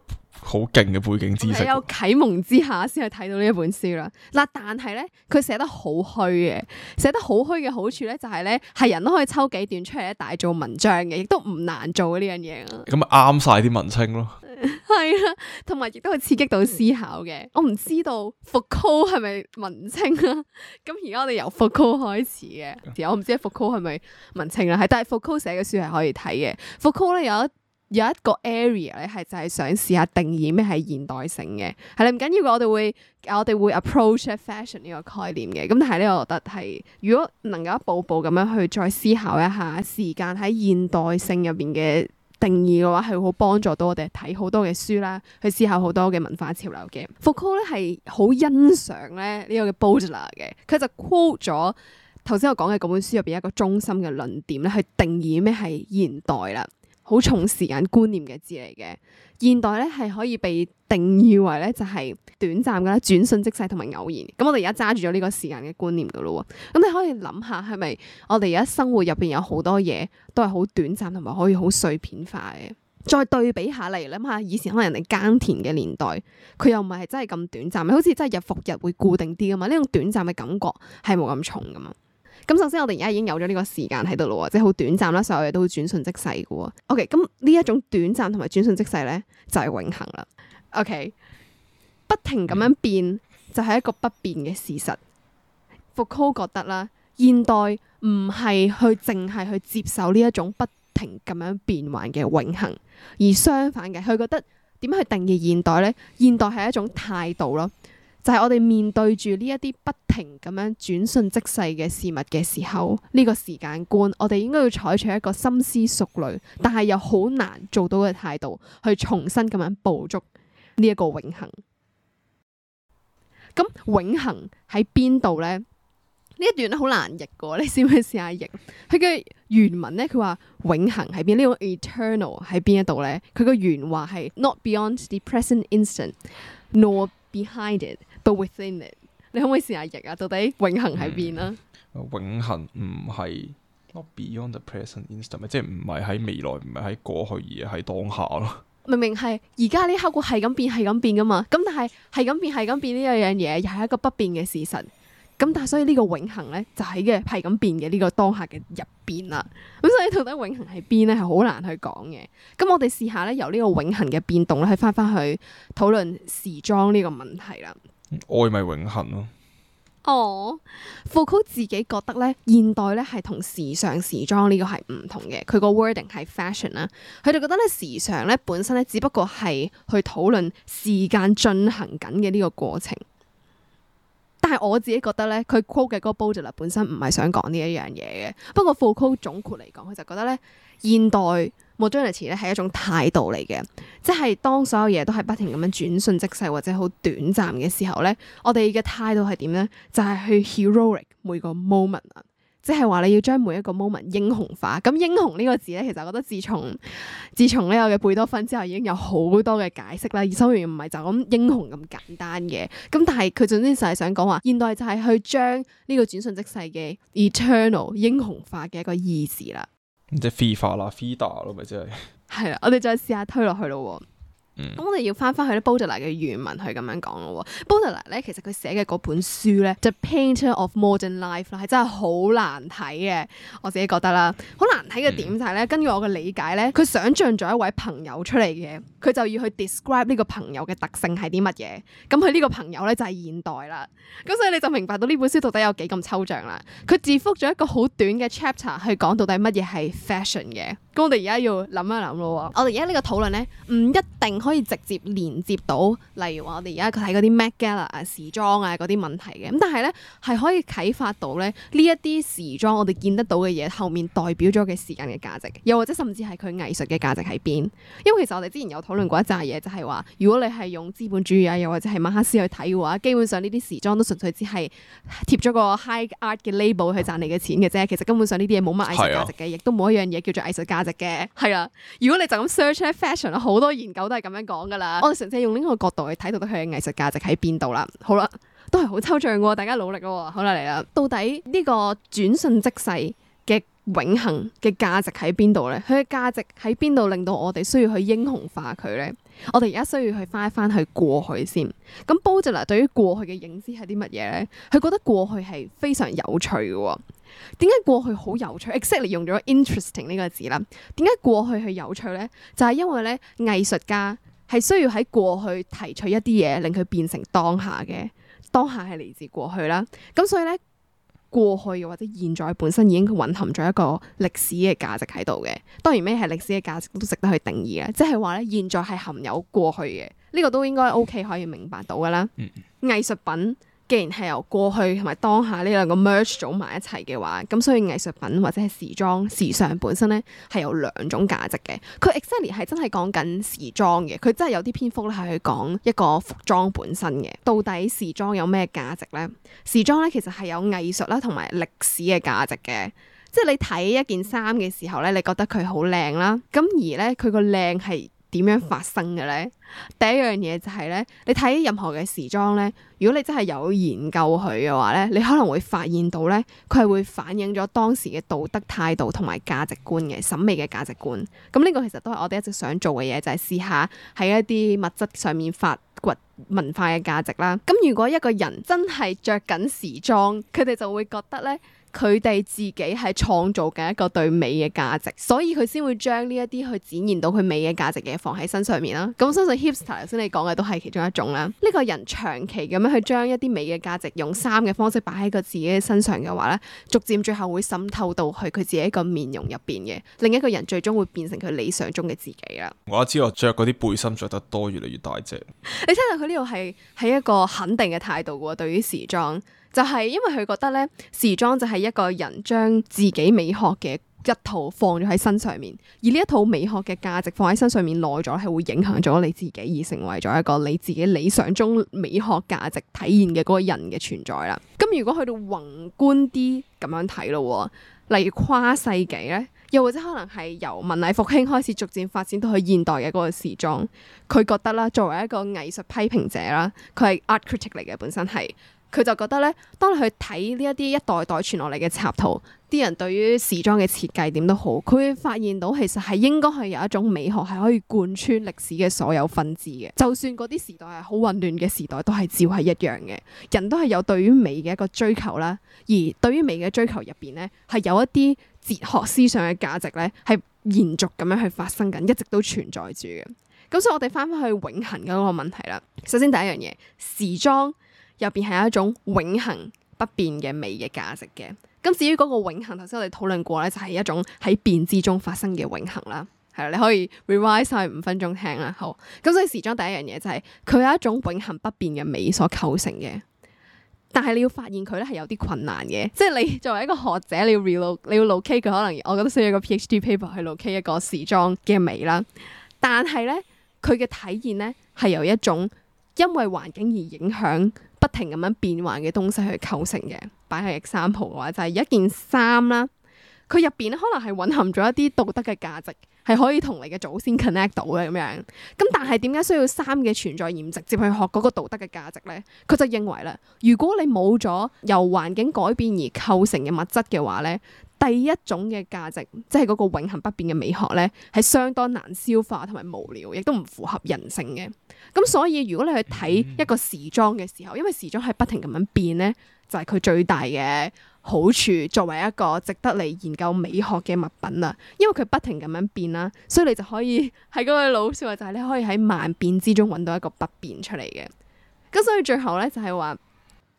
好勁嘅背景知識、嗯，有啟蒙之下先去睇到呢一本書啦。嗱，但係咧，佢寫得好虛嘅，寫得好虛嘅好處咧，就係咧，係人都可以抽幾段出嚟大做文章嘅，亦都唔難做呢樣嘢。咁咪啱晒啲文青咯，係、嗯、啦，同埋亦都可以刺激到思考嘅。我唔知道福柯係咪文青啊？咁而家我哋由福柯開始嘅，其實我唔知福柯係咪文青啦，係，但係福柯寫嘅書係可以睇嘅。福柯咧有一。有一個 area 咧，係就係想試下定義咩係現代性嘅，係啦，唔緊要㗎，我哋會我哋會 approach 嘅 fashion 呢個概念嘅，咁但係咧，我覺得係如果能夠一步步咁樣去再思考一下時間喺現代性入邊嘅定義嘅話，係會好幫助到我哋睇好多嘅書啦，去思考好多嘅文化潮流嘅。福柯咧係好欣賞咧呢個嘅 Baudelaire 嘅，佢就 quote 咗頭先我講嘅嗰本書入邊一個中心嘅論點咧，去定義咩係現代啦。好重時間觀念嘅字嚟嘅，現代咧係可以被定義為咧就係短暫嘅啦，轉瞬即逝同埋偶然。咁我哋而家揸住咗呢個時間嘅觀念嘅咯喎，咁你可以諗下係咪我哋而家生活入邊有好多嘢都係好短暫同埋可以好碎片化嘅？再對比下嚟，諗下以前可能人哋耕田嘅年代，佢又唔係真係咁短暫，好似真係日復日會固定啲啊嘛。呢種短暫嘅感覺係冇咁重嘅嘛。咁首先我哋而家已經有咗呢個時間喺度啦，即係好短暫啦，所有嘢都會轉瞬即逝嘅。O K，咁呢一種短暫同埋轉瞬即逝咧，就係永恒啦。OK，不停咁樣變就係一個不變嘅事實。福柯覺得啦，現代唔係去淨係去接受呢一種不停咁樣變幻嘅永恒，而相反嘅，佢覺得點樣去定義現代咧？現代係一種態度咯。就係我哋面對住呢一啲不停咁樣轉瞬即逝嘅事物嘅時候，呢個時間觀，我哋應該要採取一個深思熟慮，但係又好難做到嘅態度，去重新咁樣捕捉呢一個永恒。咁永恒喺邊度呢？呢一段咧，好難譯噶，你試唔試下譯？佢嘅原文咧，佢話永恒喺邊，呢個 eternal 喺邊一度咧。佢嘅原話係 not beyond the present instant，nor behind it。到 within it，你可唔可以試下譯啊？到底永恒喺邊啊？永恒唔係 not beyond the present instant 即係唔係喺未來，唔係喺過去，而係喺當下咯。明明係而家呢刻我係咁變，係咁變噶嘛。咁但係係咁變，係咁變呢一樣嘢，又係一個不變嘅事實。咁但係所以呢個永恒咧，就喺嘅係咁變嘅呢個當下嘅入邊啦。咁所以到底永恒喺邊咧，係好難去講嘅。咁我哋試下咧，由呢個永恒嘅變動咧，去翻翻去討論時裝呢個問題啦。愛咪永恆咯、啊。哦，Foucault 自己覺得咧，現代咧係同時尚時裝呢個係唔同嘅。佢個 wording 係 fashion 啦。佢哋覺得咧，時尚咧本身咧只不過係去討論時間進行緊嘅呢個過程。但係我自己覺得咧，佢 quote 嘅嗰個 Baudelaire 本身唔係想講呢一樣嘢嘅。不過副 quote 總括嚟講，佢就覺得咧，現代 modernity 咧係一種態度嚟嘅，即係當所有嘢都係不停咁樣轉瞬即逝或者好短暫嘅時候咧，我哋嘅態度係點咧？就係、是、去 heroic 每個 moment 啊。即係話你要將每一個 moment 英雄化。咁英雄呢個字咧，其實我覺得自從自從咧我嘅貝多芬之後，已經有好多嘅解釋啦。而修緣唔係就咁英雄咁簡單嘅，咁但係佢總之就係想講話，現代就係去將呢個轉瞬即逝嘅 eternal 英雄化嘅一個意思啦。即係 free 法啦，free 打咪即係係啦，我哋再試下推落去咯。咁我哋要翻翻去咧 Baudelaire 嘅原文去咁樣講咯喎，Baudelaire 咧其實佢寫嘅嗰本書咧就《Painter of Modern Life》啦，係真係好難睇嘅，我自己覺得啦，好難睇嘅點就係咧，根據我嘅理解咧，佢想象咗一位朋友出嚟嘅，佢就要去 describe 呢個朋友嘅特性係啲乜嘢，咁佢呢個朋友咧就係現代啦，咁所以你就明白到呢本書到底有幾咁抽象啦，佢自覆咗一個好短嘅 chapter 去講到底乜嘢係 fashion 嘅。我哋而家要諗一諗咯，我哋而家呢個討論咧，唔一定可以直接連接到，例如話我哋而家睇嗰啲 MacGellar 啊、時裝啊嗰啲問題嘅，咁但係咧係可以啟發到咧呢一啲時裝我哋見得到嘅嘢，後面代表咗嘅時間嘅價值，又或者甚至係佢藝術嘅價值喺邊？因為其實我哋之前有討論過一紮嘢，就係、是、話如果你係用資本主義啊，又或者係馬克思去睇嘅話，基本上呢啲時裝都純粹只係貼咗個 high art 嘅 label 去賺你嘅錢嘅啫，其實根本上呢啲嘢冇乜藝術價值嘅，亦都冇一樣嘢叫做藝術價值。嘅係啦，如果你就咁 search 咧 fashion，好多研究都係咁樣講噶啦。 我哋純粹用呢個角度去睇到佢嘅藝術價值喺邊度啦。好啦，都係好抽象嘅，大家努力咯。好啦嚟啦，到底個轉呢個轉瞬即逝嘅永恒嘅價值喺邊度咧？佢嘅價值喺邊度令到我哋需要去英雄化佢咧？我哋而家需要去翻一翻去過去先。咁 Baudelaire 對於過去嘅認知係啲乜嘢咧？佢覺得過去係非常有趣嘅。點解過去好有趣？Exactly 用咗 interesting 呢個字啦。點解過去係有趣咧？就係因為咧，藝術家係需要喺過去提取一啲嘢，令佢變成當下嘅。當下係嚟自過去啦。咁所以咧，過去或者現在本身已經蘊含咗一個歷史嘅價值喺度嘅。當然咩係歷史嘅價值都值得去定義嘅，即係話咧，現在係含有過去嘅。呢個都應該 OK 可以明白到噶啦。嗯，藝術品。既然係由過去同埋當下呢兩個 merge 組埋一齊嘅話，咁所以藝術品或者係時裝時尚本身咧係有兩種價值嘅。佢 exactly 係真係講緊時裝嘅，佢真係有啲篇幅咧係去講一個服裝本身嘅。到底時裝有咩價值咧？時裝咧其實係有藝術啦同埋歷史嘅價值嘅。即係你睇一件衫嘅時候咧，你覺得佢好靚啦，咁而咧佢個靚係。點樣發生嘅咧？第一樣嘢就係咧，你睇任何嘅時裝咧，如果你真係有研究佢嘅話咧，你可能會發現到咧，佢係會反映咗當時嘅道德態度同埋價值觀嘅審美嘅價值觀。咁呢個其實都係我哋一直想做嘅嘢，就係試下喺一啲物質上面發掘文化嘅價值啦。咁如果一個人真係着緊時裝，佢哋就會覺得咧。佢哋自己係創造嘅一個對美嘅價值，所以佢先會將呢一啲去展現到佢美嘅價值嘅放喺身上面啦。咁、嗯、相信 Hipster 頭先你講嘅都係其中一種啦。呢、這個人長期咁樣去將一啲美嘅價值用衫嘅方式擺喺個自己嘅身上嘅話咧，逐漸最後會滲透到去佢自己一個面容入邊嘅另一個人，最終會變成佢理想中嘅自己啦。我知道我着嗰啲背心着得多，越嚟越大隻。你睇下佢呢度係係一個肯定嘅態度喎？對於時裝。就係因為佢覺得咧，時裝就係一個人將自己美學嘅一套放咗喺身上面，而呢一套美學嘅價值放喺身上面耐咗，係會影響咗你自己，而成為咗一個你自己理想中美學價值體現嘅嗰個人嘅存在啦。咁如果去到宏觀啲咁樣睇咯、哦，例如跨世紀咧，又或者可能係由文藝復興開始逐漸發展到去現代嘅嗰個時裝，佢覺得啦，作為一個藝術批評者啦，佢係 art critic 嚟嘅本身係。佢就覺得咧，當你去睇呢一啲一代代傳落嚟嘅插圖，啲人對於時裝嘅設計點都好，佢會發現到其實係應該係有一種美學係可以貫穿歷史嘅所有分支嘅，就算嗰啲時代係好混亂嘅時代，都係照係一樣嘅。人都係有對於美嘅一個追求啦，而對於美嘅追求入邊咧，係有一啲哲學思想嘅價值咧，係延續咁樣去發生緊，一直都存在住嘅。咁所以我哋翻返去永恆嘅嗰個問題啦。首先第一樣嘢，時裝入邊係一種永恆不變嘅美嘅價值嘅。咁至於嗰個永恆，頭先我哋討論過咧，就係、是、一種喺變之中發生嘅永恆啦。係啦，你可以 revisit 晒五分鐘聽啦。好，咁所以時裝第一樣嘢就係、是、佢有一種永恆不變嘅美所構成嘅。但係你要發現佢咧係有啲困難嘅，即係你作為一個學者，你要 relo 你要 locate 佢，可能我覺得需要一個 PhD paper 去 locate 一個時裝嘅美啦。但係咧佢嘅體現咧係由一種因為環境而影響。不停咁樣變換嘅東西去構成嘅，擺喺 example 嘅話，就係一件衫啦。佢入邊咧，可能係蘊含咗一啲道德嘅價值，係可以同你嘅祖先 connect 到嘅咁樣。咁但係點解需要衫嘅存在而唔直接去學嗰個道德嘅價值咧？佢就認為咧，如果你冇咗由環境改變而構成嘅物質嘅話咧。第一種嘅價值，即係嗰個永恆不變嘅美學咧，係相當難消化同埋無聊，亦都唔符合人性嘅。咁所以，如果你去睇一個時裝嘅時候，因為時裝係不停咁樣變咧，就係佢最大嘅好處，作為一個值得嚟研究美學嘅物品啦。因為佢不停咁樣變啦，所以你就可以喺嗰句老説話，就係你可以喺萬變之中揾到一個不變出嚟嘅。咁所以最後咧，就係話。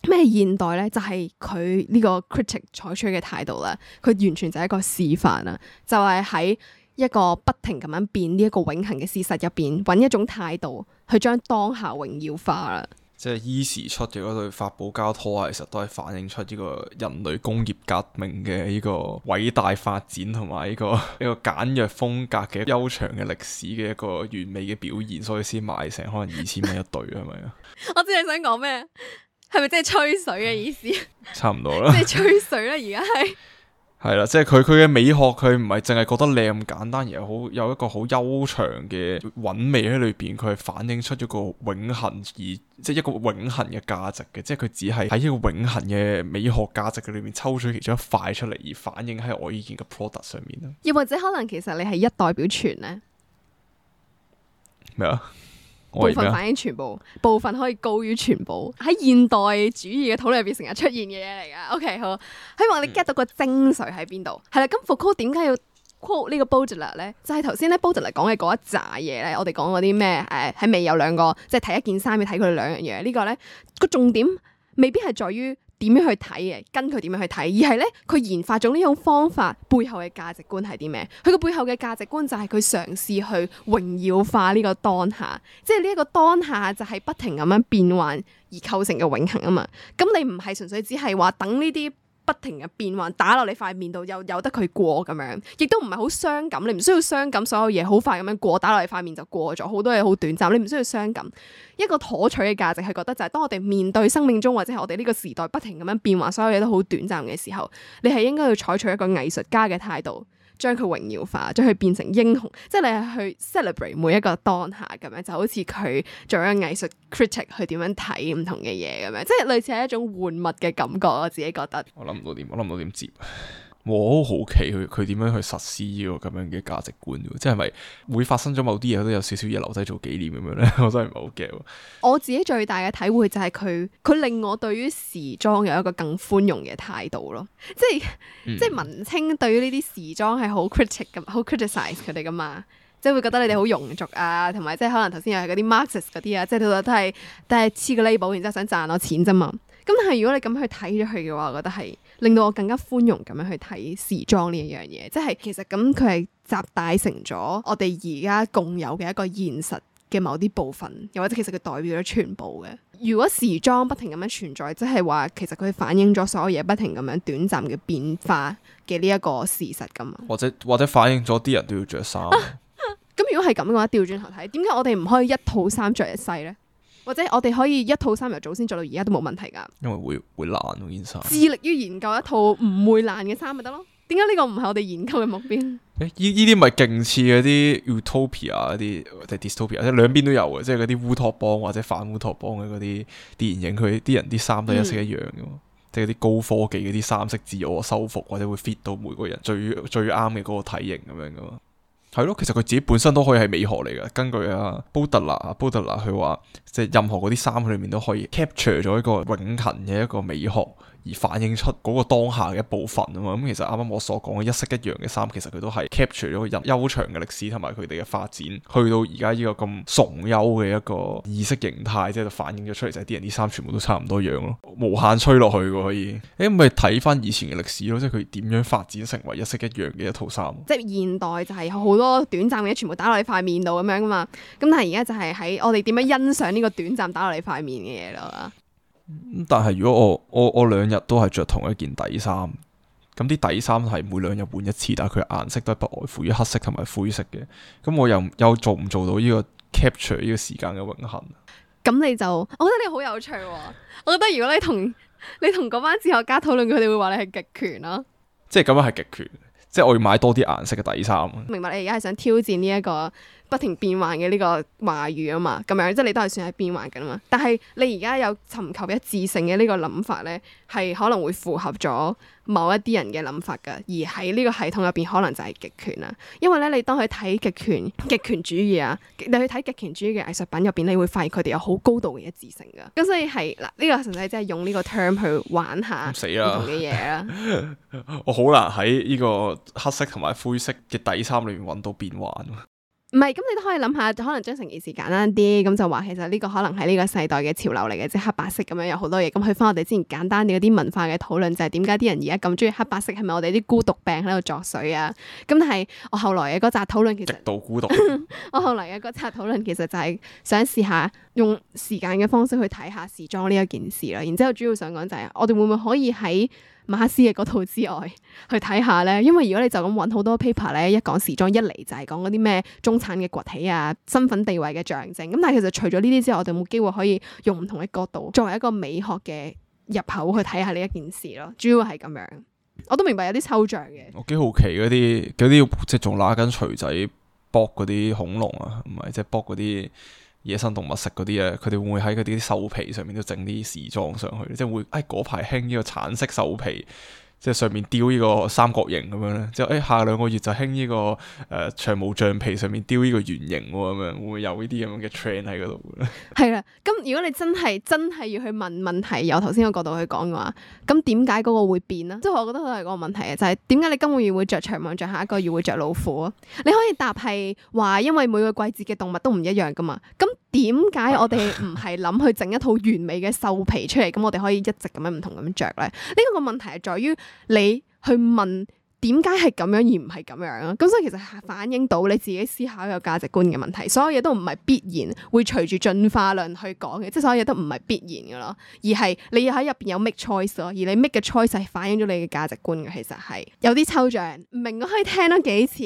咩現代呢？就係佢呢個 critic 採取嘅態度啦。佢完全就係一個示範啦，就係、是、喺一個不停咁樣變呢一個永恒嘅事實入邊，揾一種態度去將當下榮耀化啦。即係伊時出嘅嗰對法寶膠拖啊，其實都係反映出呢個人類工業革命嘅呢個偉大發展同埋呢個一個簡約風格嘅悠長嘅歷史嘅一個完美嘅表現，所以先賣成可能二千蚊一對，係咪啊？我知你想講咩？係咪即係吹水嘅意思？差唔多啦， 即係吹水啦！而家係係啦，即係佢佢嘅美學，佢唔係淨係覺得靚咁簡單而，而係好有一個好悠長嘅韻味喺裏邊，佢係反映出咗個永恒而即係一個永恒嘅價值嘅，即係佢只係喺一個永恒嘅美學價值嘅裏邊抽取其中一塊出嚟，而反映喺我以前嘅 product 上面啦。又或者可能其實你係一代表全咧？咩啊？部分反映全部，部分可以高於全部，喺現代主義嘅討論入邊成日出現嘅嘢嚟噶。OK，好，希望你 get 到個精髓喺邊度。係啦、嗯，咁 Foucault 點解要 quote 呢個 Baudelaire 咧？就係頭先咧 Baudelaire 講嘅嗰一紮嘢咧，我哋講嗰啲咩誒，喺未有兩個，即係睇一件衫要睇佢兩樣嘢。這個、呢個咧個重點未必係在於。點樣去睇嘅，跟佢點樣去睇，而係咧佢研發咗呢種方法背後嘅價值觀係啲咩？佢個背後嘅價值觀就係佢嘗試去榮耀化呢個當下，即係呢一個當下就係不停咁樣變幻而構成嘅永恆啊嘛。咁你唔係純粹只係話等呢啲。不停嘅變幻打落你塊面度，又由得佢過咁樣，亦都唔係好傷感。你唔需要傷感，所有嘢好快咁樣過，打落你塊面就過咗，好多嘢好短暫，你唔需要傷感。一個妥取嘅價值係覺得就係，當我哋面對生命中或者係我哋呢個時代不停咁樣變幻，所有嘢都好短暫嘅時候，你係應該要採取一個藝術家嘅態度。將佢榮耀化，將佢變成英雄，即係你係去 celebrate 每一個當下咁樣，就好似佢做一個藝術 critic 去點樣睇唔同嘅嘢咁樣，即係類似係一種玩物嘅感覺，我自己覺得。我諗唔到點，我諗唔到點接。 我都好，好奇佢佢點樣去實施呢個咁樣嘅價值觀，即係咪會發生咗某啲嘢都有少少嘢留低做紀念咁樣咧？ 我真係唔係好驚。我自己最大嘅體會就係佢佢令我對於時裝有一個更寬容嘅態度咯，即係即係文青對於呢啲時裝係好 critic 咁，好 criticize 佢哋噶嘛，即係會覺得你哋好庸俗啊，同埋即係可能頭先又係嗰啲 Marxist 嗰啲啊，即係度度都係都係黐個 label，然之後想賺到錢啫嘛。咁但係如果你咁去睇咗佢嘅話，我覺得係。令到我更加寬容咁樣去睇時裝呢一樣嘢，即係其實咁佢係集大成咗我哋而家共有嘅一個現實嘅某啲部分，又或者其實佢代表咗全部嘅。如果時裝不停咁樣存在，即係話其實佢反映咗所有嘢不停咁樣短暫嘅變化嘅呢一個事實咁啊？或者或者反映咗啲人都要著衫。咁 如果係咁嘅話，調轉頭睇，點解我哋唔可以一套衫著一世咧？或者我哋可以一套衫由早先做到而家都冇問題噶，因為會會爛件衫。致力於研究一套唔會爛嘅衫咪得咯？點解呢個唔係我哋研究嘅目標？誒、欸，依依啲咪勁似嗰啲 utopia 啲，即係 dystopia，即係兩邊都有嘅，即係嗰啲烏托邦或者反烏托邦嘅嗰啲電影，佢啲人啲衫都一式一樣嘅，嗯、即係啲高科技啲衫識自我修復或者會 fit 到每個人最最啱嘅嗰個體型咁樣噶嘛。係咯，其實佢自己本身都可以係美學嚟嘅。根據啊 Baudelaire，啊 Baudelaire，佢話即係任何嗰啲衫佢裏面都可以 capture 咗一個永恆嘅一個美學。而反映出嗰個當下嘅一部分啊嘛，咁其實啱啱我所講嘅一式一樣嘅衫，其實佢都係 capture 咗入悠長嘅歷史同埋佢哋嘅發展，去到而家呢個咁崇優嘅一個意識形態，即係就反映咗出嚟就係啲人啲衫全部都差唔多樣咯，無限吹落去㗎可以，誒咪睇翻以前嘅歷史咯，即係佢點樣發展成為一式一樣嘅一套衫。即係現代就係好多短暫嘅嘢全部打落你塊面度咁樣噶嘛，咁但係而家就係喺我哋點樣欣賞呢個短暫打落你塊面嘅嘢咯。但係如果我我我兩日都係着同一件底衫，咁啲底衫係每兩日換一次，但係佢顏色都不外乎於黑色同埋灰色嘅，咁我又又做唔做到呢個 capture 呢個時間嘅永恒？咁你就，我覺得你好有趣喎， 我覺得如果你同你同嗰班哲學家討論，佢哋會話你係極權啦，即係咁樣係極權，即係我要買多啲顏色嘅底衫。明白你而家係想挑戰呢一個。不停變幻嘅呢個話語啊嘛，咁樣即係你都係算係變幻緊嘛。但係你而家有尋求一致性嘅呢個諗法咧，係可能會符合咗某一啲人嘅諗法噶。而喺呢個系統入邊，可能就係極權啦。因為咧，你當佢睇極權、極權主義啊，你去睇極權主義嘅藝術品入邊，你會發現佢哋有好高度嘅一致性噶。咁所以係嗱，呢個純粹即係用呢個 term 去玩下唔同嘅嘢啦。死 我好難喺呢個黑色同埋灰色嘅底衫裏面揾到變幻。唔係，咁你都可以諗下，可能將成件事簡單啲，咁就話其實呢個可能係呢個世代嘅潮流嚟嘅，即係黑白色咁樣有好多嘢。咁去翻我哋之前簡單嘅嗰啲文化嘅討論，就係點解啲人而家咁中意黑白色，係咪我哋啲孤獨病喺度作祟啊？咁但係我後來嘅嗰集討論，其實極度孤獨。 我後來嘅嗰集討論，其實就係想試下用時間嘅方式去睇下時裝呢一件事啦。然之後主要想講就係，我哋會唔會可以喺？馬克思嘅嗰套之外，去睇下咧，因為如果你就咁搵好多 paper 咧，一講時裝一嚟就係講嗰啲咩中產嘅崛起啊、身份地位嘅象徵。咁但係其實除咗呢啲之外，我哋冇機會可以用唔同嘅角度作為一個美學嘅入口去睇下呢一件事咯。主要係咁樣，我都明白有啲抽象嘅。我幾好奇嗰啲嗰啲即係仲拉緊錘仔搏嗰啲恐龍啊，唔係即係搏嗰啲。就是野生動物食嗰啲咧，佢哋會唔會喺嗰啲啲獸皮上面都整啲時裝上去，即係會，哎，嗰排興呢個橙色獸皮。即係上面雕呢個三角形咁樣咧，之後誒下兩個月就興呢、這個誒、呃、長毛象皮上面雕呢個圓形咁樣，會唔會有這這呢啲咁樣嘅 train 喺嗰度咧？係啦，咁如果你真係真係要去問問題，由頭先個角度去講嘅話，咁點解嗰個會變咧？即、就、係、是、我覺得都係嗰個問題啊，就係點解你今個月會着長毛象，下一個月會着老虎啊？你可以答係話，因為每個季節嘅動物都唔一樣噶嘛。咁點解我哋唔係諗去整一套完美嘅獸皮出嚟？咁我哋可以一直咁樣唔同咁樣著咧？呢個問題係在於你去問點解係咁樣而唔係咁樣咯？咁所以其實係反映到你自己思考有價值觀嘅問題。所有嘢都唔係必然會隨住進化論去講嘅，即係所有嘢都唔係必然嘅咯。而係你要喺入邊有 make choice 咯，而你 make 嘅 choice 係反映咗你嘅價值觀嘅。其實係有啲抽象，唔明我可以聽多幾次。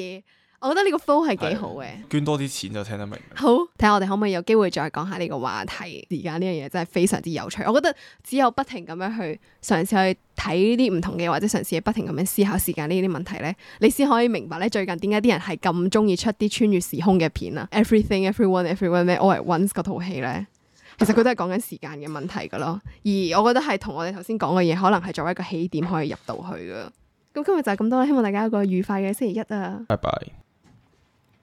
我覺得呢個 flow 係幾好嘅，捐多啲錢就聽得明。好，睇下我哋可唔可以有機會再講下呢個話題。而家呢樣嘢真係非常之有趣。我覺得只有不停咁樣去嘗試去睇呢啲唔同嘅，或者嘗試不停咁樣思考時間呢啲問題咧，你先可以明白咧最近點解啲人係咁中意出啲穿越時空嘅片啊？Everything, everyone, everyone, me all at once 嗰套戲咧，其實佢都係講緊時間嘅問題噶咯。而我覺得係同我哋頭先講嘅嘢，可能係作為一個起點可以入到去嘅。咁今日就係咁多啦，希望大家有個愉快嘅星期一啊！拜拜。